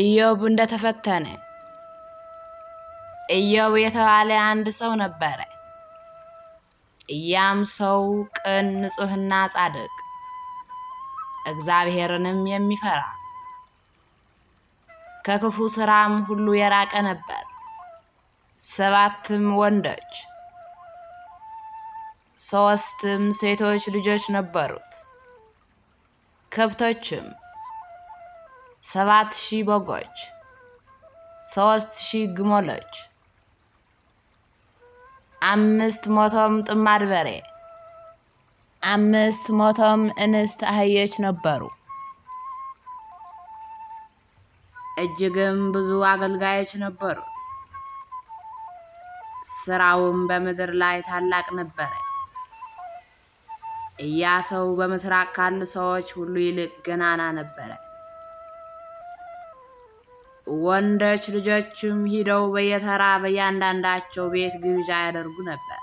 ኢዮብ እንደተፈተነ። ኢዮብ የተባለ አንድ ሰው ነበረ። እያም ሰው ቅን፣ ንጹሕና ጻድቅ እግዚአብሔርንም የሚፈራ ከክፉ ስራም ሁሉ የራቀ ነበር። ሰባትም ወንዶች ሶስትም ሴቶች ልጆች ነበሩት። ከብቶችም ሰባት ሺህ በጎች፣ ሶስት ሺህ ግመሎች፣ አምስት መቶም ጥማድ በሬ፣ አምስት መቶም እንስት አህዮች ነበሩ። እጅግም ብዙ አገልጋዮች ነበሩት። ስራውም በምድር ላይ ታላቅ ነበረ። እያ ሰው በምስራቅ ካሉ ሰዎች ሁሉ ይልቅ ገናና ነበረ። ወንዶች ልጆችም ሂደው በየተራ በእያንዳንዳቸው ቤት ግብዣ ያደርጉ ነበር።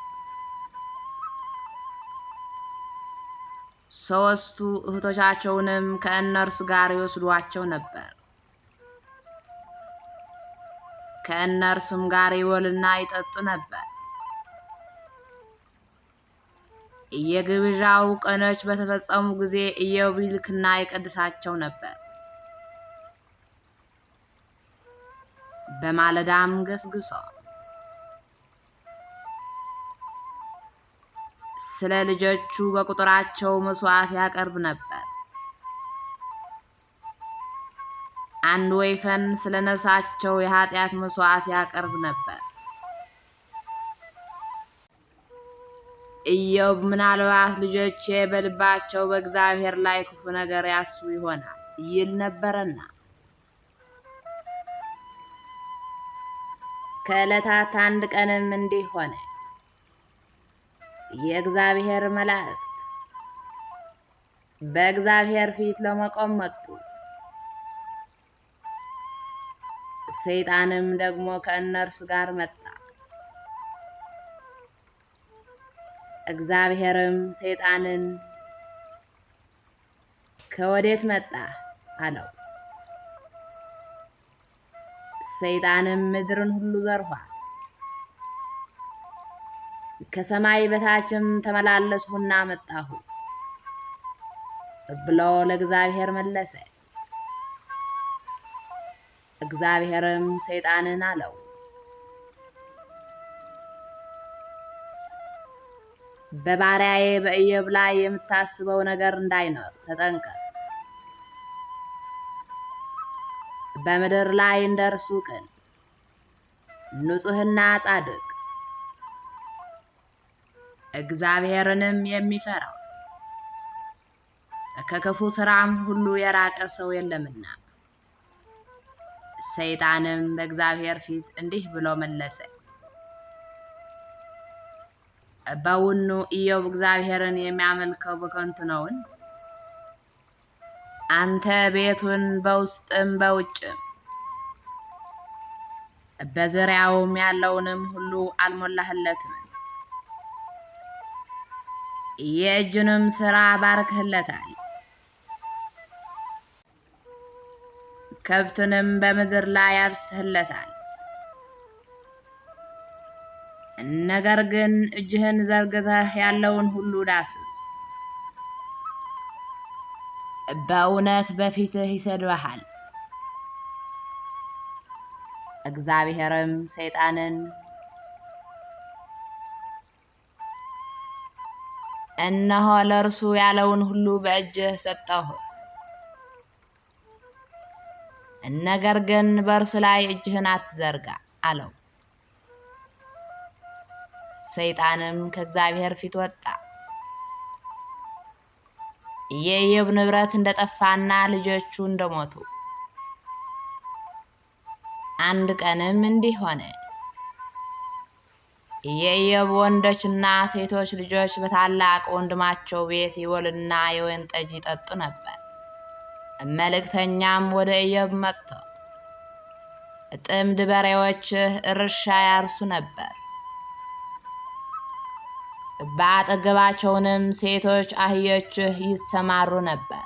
ሶስቱ እህቶቻቸውንም ከእነርሱ ጋር ይወስዷቸው ነበር። ከእነርሱም ጋር ይወልና ይጠጡ ነበር። የግብዣው ቀኖች በተፈጸሙ ጊዜ ኢዮብ ይልክና ይቀድሳቸው ነበር። በማለዳም ገስግሷ ስለ ልጆቹ በቁጥራቸው መስዋዕት ያቀርብ ነበር። አንድ ወይፈን ስለ ነፍሳቸው የኃጢአት መስዋዕት ያቀርብ ነበር። ኢዮብ ምናልባት ልጆቼ በልባቸው በእግዚአብሔር ላይ ክፉ ነገር ያስቡ ይሆናል ይል ነበረና ከዕለታት አንድ ቀንም እንዲህ ሆነ። የእግዚአብሔር መላእክት በእግዚአብሔር ፊት ለመቆም መጡ። ሰይጣንም ደግሞ ከእነርሱ ጋር መጣ። እግዚአብሔርም ሰይጣንን ከወዴት መጣ አለው። ሰይጣንም ምድርን ሁሉ ዘርፏል። ከሰማይ በታችም ተመላለስሁና መጣሁ ብሎ ለእግዚአብሔር መለሰ። እግዚአብሔርም ሰይጣንን አለው፣ በባሪያዬ በኢዮብ ላይ የምታስበው ነገር እንዳይኖር ተጠንቀቅ። በምድር ላይ እንደ ቅን ንጹሕና ጻድቅ እግዚአብሔርንም የሚፈራው ከክፉ ስራም ሁሉ የራቀ ሰው የለምና። ሰይጣንም በእግዚአብሔር ፊት እንዲህ ብሎ መለሰ፣ በውኑ ኢዮብ እግዚአብሔርን የሚያመልከው በከንቱ ነውን? አንተ ቤቱን በውስጥም በውጭም በዙሪያውም ያለውንም ሁሉ አልሞላህለትም። የእጁንም ስራ ባርክህለታል። ከብቱንም በምድር ላይ አብስትህለታል። ነገር ግን እጅህን ዘርግተህ ያለውን ሁሉ ዳስስ በእውነት በፊትህ ይሰድበሃል። እግዚአብሔርም ሰይጣንን እነሆ ለእርሱ ያለውን ሁሉ በእጅህ ሰጠሁ፣ ነገር ግን በእርሱ ላይ እጅህን አትዘርጋ አለው። ሰይጣንም ከእግዚአብሔር ፊት ወጣ። የኢዮብ ንብረት እንደጠፋና ልጆቹ እንደሞቱ። አንድ ቀንም እንዲህ ሆነ። የኢዮብ ወንዶችና ሴቶች ልጆች በታላቅ ወንድማቸው ቤት ይወልና የወይን ጠጅ ይጠጡ ነበር። መልእክተኛም ወደ ኢዮብ መጥቶ ጥምድ በሬዎችህ እርሻ ያርሱ ነበር በአጠገባቸውንም ሴቶች አህዮችህ ይሰማሩ ነበር።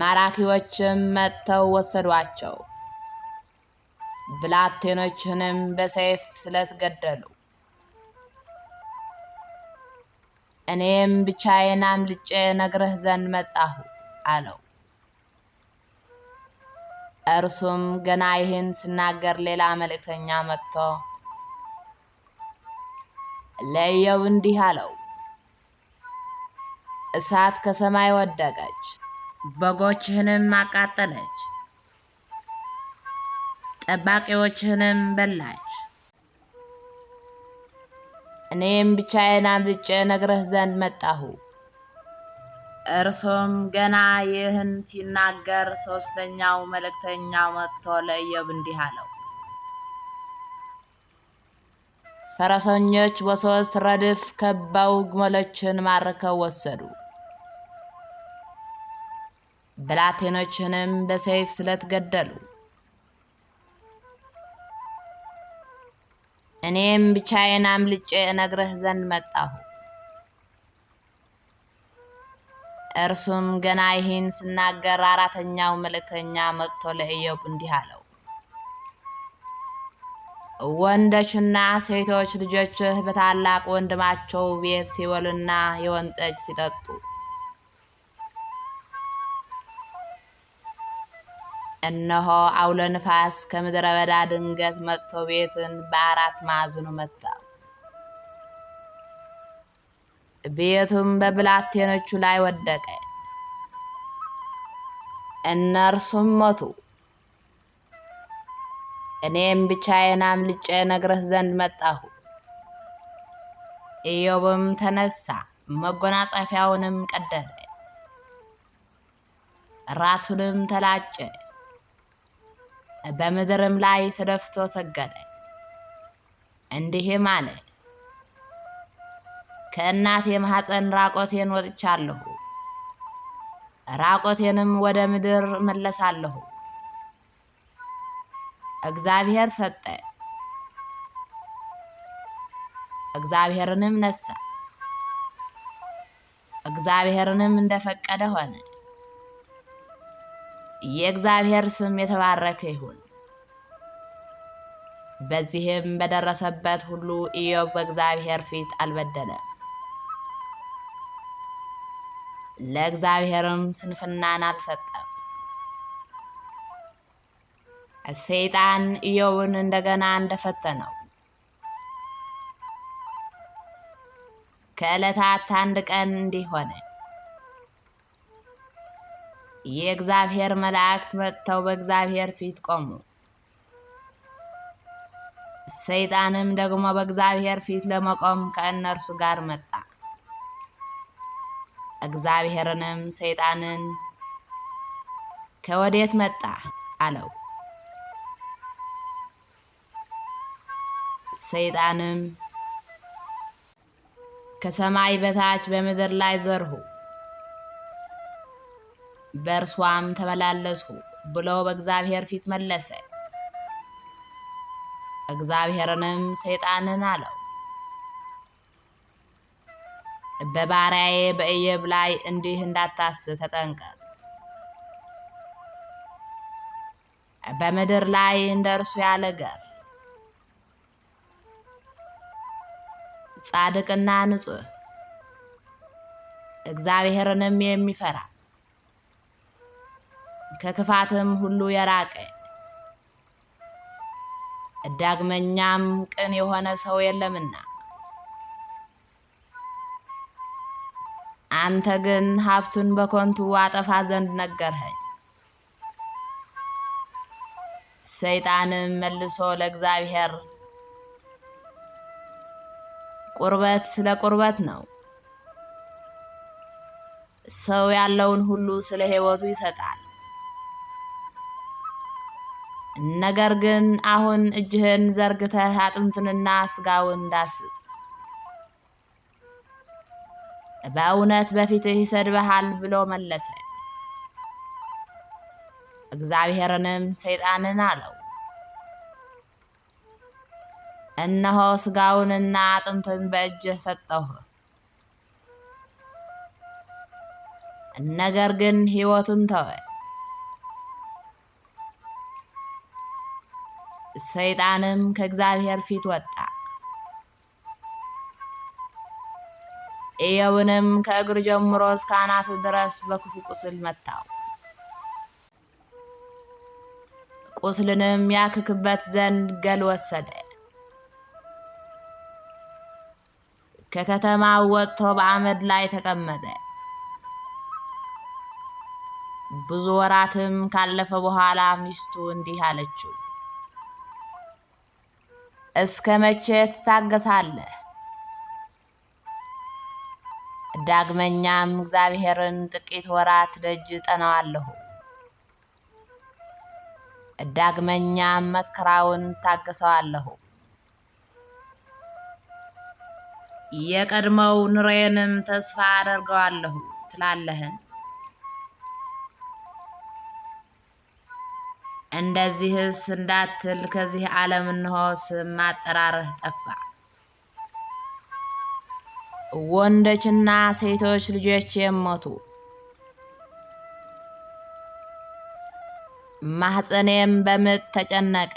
ማራኪዎችም መጥተው ወሰዷቸው፣ ብላቴኖችንም በሰይፍ ስለት ገደሉ። እኔም ብቻዬን አምልጬ ነግረህ ዘንድ መጣሁ አለው። እርሱም ገና ይህን ስናገር ሌላ መልእክተኛ መጥቶ ለየው እንዲህ አለው፣ እሳት ከሰማይ ወደቀች፣ በጎችህንም አቃጠለች፣ ጠባቂዎችህንም በላች። እኔም ብቻዬን አምልጬ ነግረህ ዘንድ መጣሁ። እርሱም ገና ይህን ሲናገር ሦስተኛው መልእክተኛ መጥቶ ለኢዮብ እንዲህ አለው ፈረሰኞች በሶስት ረድፍ ከባው ግመሎችን ማርከው ወሰዱ። ብላቴኖችንም በሰይፍ ስለት ገደሉ። እኔም ብቻዬን አምልጬ እነግርህ ዘንድ መጣሁ። እርሱም ገና ይህን ስናገር አራተኛው መልእክተኛ መጥቶ ለኢዮብ እንዲህ አለው ወንዶችና ሴቶች ልጆችህ በታላቅ ወንድማቸው ቤት ሲበሉና የወይን ጠጅ ሲጠጡ እነሆ አውሎ ንፋስ ከምድረ በዳ ድንገት መጥቶ ቤትን በአራት ማዕዘኑ መታ! ቤቱም በብላቴኖቹ ላይ ወደቀ፣ እነርሱም ሞቱ። እኔም ብቻዬን አምልጬ ነግረህ ዘንድ መጣሁ። ኢዮብም ተነሳ፣ መጎናጸፊያውንም ቀደደ፣ ራሱንም ተላጨ፣ በምድርም ላይ ተደፍቶ ሰገደ። እንዲህም አለ፣ ከእናቴ ማኅፀን ራቆቴን ወጥቻለሁ፣ ራቆቴንም ወደ ምድር መለሳለሁ። እግዚአብሔር ሰጠ፣ እግዚአብሔርንም ነሳ፣ እግዚአብሔርንም እንደፈቀደ ሆነ። የእግዚአብሔር ስም የተባረከ ይሁን። በዚህም በደረሰበት ሁሉ ኢዮብ በእግዚአብሔር ፊት አልበደለም። ለእግዚአብሔርም ስንፍናን አልሰጠም። ሰይጣን ኢዮብን እንደገና እንደፈተነው። ከዕለታት አንድ ቀን እንዲህ ሆነ። የእግዚአብሔር መላእክት መጥተው በእግዚአብሔር ፊት ቆሙ። ሰይጣንም ደግሞ በእግዚአብሔር ፊት ለመቆም ከእነርሱ ጋር መጣ። እግዚአብሔርንም ሰይጣንን ከወዴት መጣ አለው። ሰይጣንም ከሰማይ በታች በምድር ላይ ዘርሁ፣ በእርሷም ተመላለስሁ ብሎ በእግዚአብሔር ፊት መለሰ። እግዚአብሔርንም ሰይጣንን አለው፣ በባሪያዬ በኢዮብ ላይ እንዲህ እንዳታስብ ተጠንቀቅ። በምድር ላይ እንደ እርሱ ያለ ገር ጻድቅና ንጹህ እግዚአብሔርንም የሚፈራ ከክፋትም ሁሉ የራቀ ዳግመኛም ቅን የሆነ ሰው የለምና አንተ ግን ሀብቱን በኮንቱ አጠፋ ዘንድ ነገርኸኝ። ሰይጣንም መልሶ ለእግዚአብሔር ቁርበት ስለ ቁርበት ነው። ሰው ያለውን ሁሉ ስለ ሕይወቱ ይሰጣል። ነገር ግን አሁን እጅህን ዘርግተህ አጥንትንና ስጋውን ዳስስ። በእውነት በፊትህ ይሰድበሃል ብሎ መለሰ። እግዚአብሔርንም ሰይጣንን አለው እነሆ ስጋውንና አጥንትን በእጅህ ሰጠሁ። ነገር ግን ሕይወቱን ተወ። ሰይጣንም ከእግዚአብሔር ፊት ወጣ። ኢዮብንም ከእግር ጀምሮ እስከ አናቱ ድረስ በክፉ ቁስል መታው። ቁስልንም ያክክበት ዘንድ ገል ወሰደ። ከከተማው ወጥቶ በአመድ ላይ ተቀመጠ። ብዙ ወራትም ካለፈ በኋላ ሚስቱ እንዲህ አለችው፣ እስከ መቼ ትታገሳለህ? ዳግመኛም እግዚአብሔርን ጥቂት ወራት ደጅ ጠናዋለሁ። ዳግመኛም መከራውን ታገሰዋለሁ። የቀድሞው ኑሮዬንም ተስፋ አደርገዋለሁ ትላለህን? እንደዚህስ እንዳትል ከዚህ ዓለም እንሆ ስም አጠራርህ ጠፋ። ወንዶችና ሴቶች ልጆች የሞቱ ማህፀኔም በምጥ ተጨነቀ፣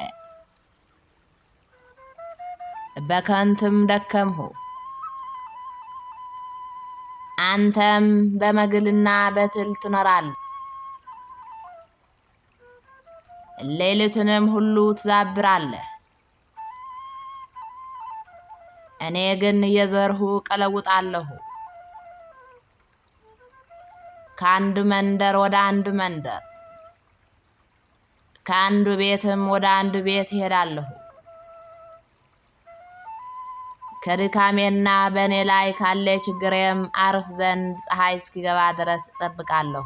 በከንትም ደከምሁ። አንተም በመግልና በትል ትኖራል። ሌሊትንም ሁሉ ትዛብራለህ። እኔ ግን የዘርሁ ቀለውጣለሁ ከአንድ መንደር ወደ አንድ መንደር ከአንዱ ቤትም ወደ አንዱ ቤት እሄዳለሁ። ከድካሜና በእኔ ላይ ካለ ችግሬም አርፍ ዘንድ ፀሐይ እስኪገባ ድረስ እጠብቃለሁ።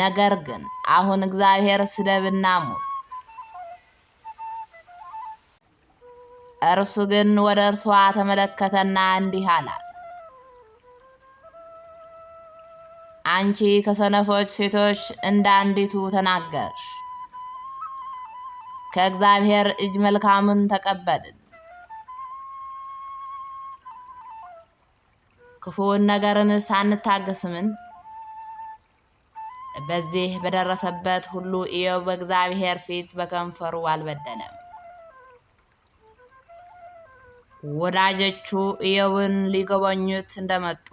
ነገር ግን አሁን እግዚአብሔር ስደብና ሙት፣ እርሱ ግን ወደ እርሷ ተመለከተና እንዲህ አላት፣ አንቺ ከሰነፎች ሴቶች እንደ አንዲቱ ተናገርሽ። ከእግዚአብሔር እጅ መልካሙን ተቀበልን፣ ክፉውን ነገርን ሳንታገስምን በዚህ በደረሰበት ሁሉ ኢዮብ በእግዚአብሔር ፊት በከንፈሩ አልበደለም። ወዳጆቹ ኢዮብን ሊጎበኙት እንደመጡ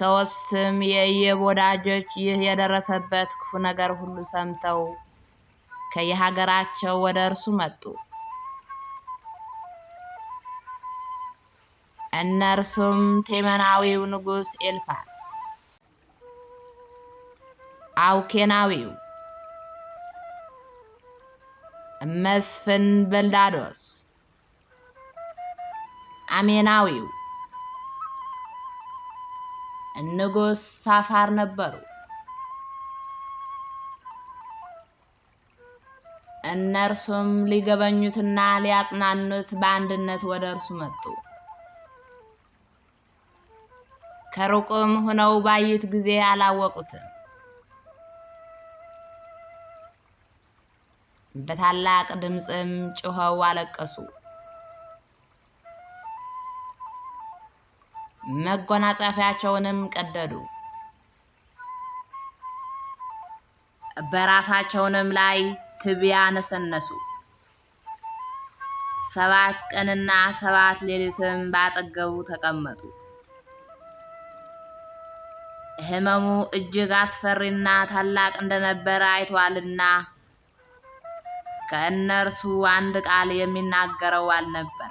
ሶስትም የኢዮብ ወዳጆች ይህ የደረሰበት ክፉ ነገር ሁሉ ሰምተው ከየሀገራቸው ወደ እርሱ መጡ። እነርሱም ቴመናዊው ንጉሥ ኤልፋዝ፣ አውኬናዊው መስፍን በልዳዶስ፣ አሜናዊው ንጉስ ሳፋር ነበሩ። እነርሱም ሊገበኙትና ሊያጽናኑት በአንድነት ወደ እርሱ መጡ። ከሩቅም ሆነው ባዩት ጊዜ አላወቁትም። በታላቅ ድምፅም ጩኸው አለቀሱ። መጎናጸፊያቸውንም ቀደዱ። በራሳቸውንም ላይ ትቢያ ነሰነሱ። ሰባት ቀንና ሰባት ሌሊትም ባጠገቡ ተቀመጡ። ሕመሙ እጅግ አስፈሪና ታላቅ እንደነበረ አይቷልና ከእነርሱ አንድ ቃል የሚናገረው አልነበረ።